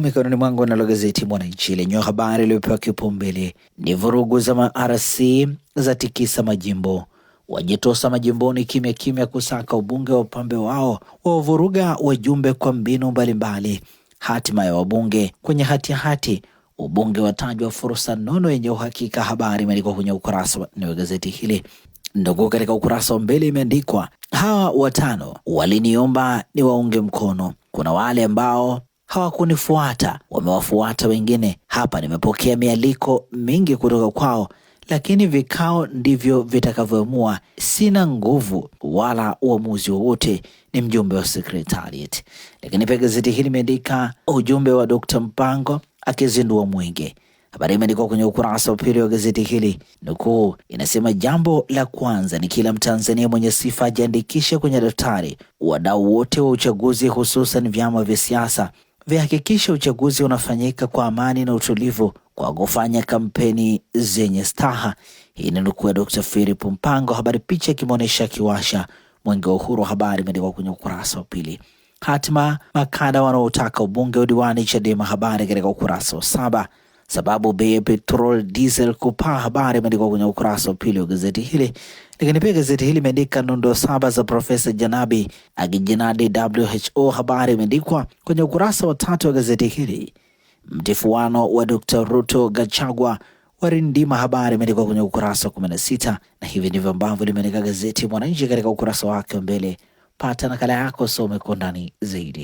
Mikononi mwangu nalo gazeti Mwananchi lenye habari iliyopewa kipaumbele ni vurugu za RC za tikisa majimbo, wajitosa majimboni kimya kimya kusaka ubunge wa upambe wao, wavuruga wajumbe kwa mbinu mbalimbali. Hatima ya wabunge kwenye hatihati hati. Ubunge watajwa fursa nono yenye uhakika. Habari imeandikwa kwenye ukurasa wa nne wa gazeti hili ndogo. Katika ukurasa wa mbele imeandikwa hawa watano waliniomba niwaunge mkono. Kuna wale ambao hawakunifuata, wamewafuata wengine. Hapa nimepokea mialiko mingi kutoka kwao, lakini vikao ndivyo vitakavyoamua. Sina nguvu wala uamuzi wowote, ni mjumbe wa sekretariat. Lakini pia gazeti hili limeandika ujumbe wa Dr. Mpango akizindua mwenge. Habari imeandikwa kwenye ukurasa wa pili wa gazeti hili. Nukuu inasema, jambo la kwanza ni kila Mtanzania mwenye sifa ajiandikishe kwenye daftari. Wadau wote wa uchaguzi, hususan vyama vya siasa, vihakikishe uchaguzi unafanyika kwa amani na utulivu kwa kufanya kampeni zenye staha. Hii ni nukuu ya Dr. Philip Mpango, habari picha ikimwonyesha akiwasha mwenge wa uhuru wa habari imeandikwa kwenye ukurasa wa pili. Hatima makada wanaotaka ubunge udiwani Chadema, habari katika ukurasa wa saba. Sababu bei ya petrol diesel kupaa, habari imeandikwa kwenye ukurasa wa pili wa gazeti hili. Lakini pia gazeti hili imeandika nondo saba za Profesa Janabi akijinadi WHO, habari imeandikwa kwenye ukurasa wa tatu wa gazeti hili. Mtifuano wa Dr. Ruto Gachagua warindima, habari imeandikwa kwenye ukurasa wa 16, na hivi ndivyo ambavyo limeandika gazeti Mwananchi katika ukurasa wake wa mbele. Pata nakala yako, some kwa zaidi.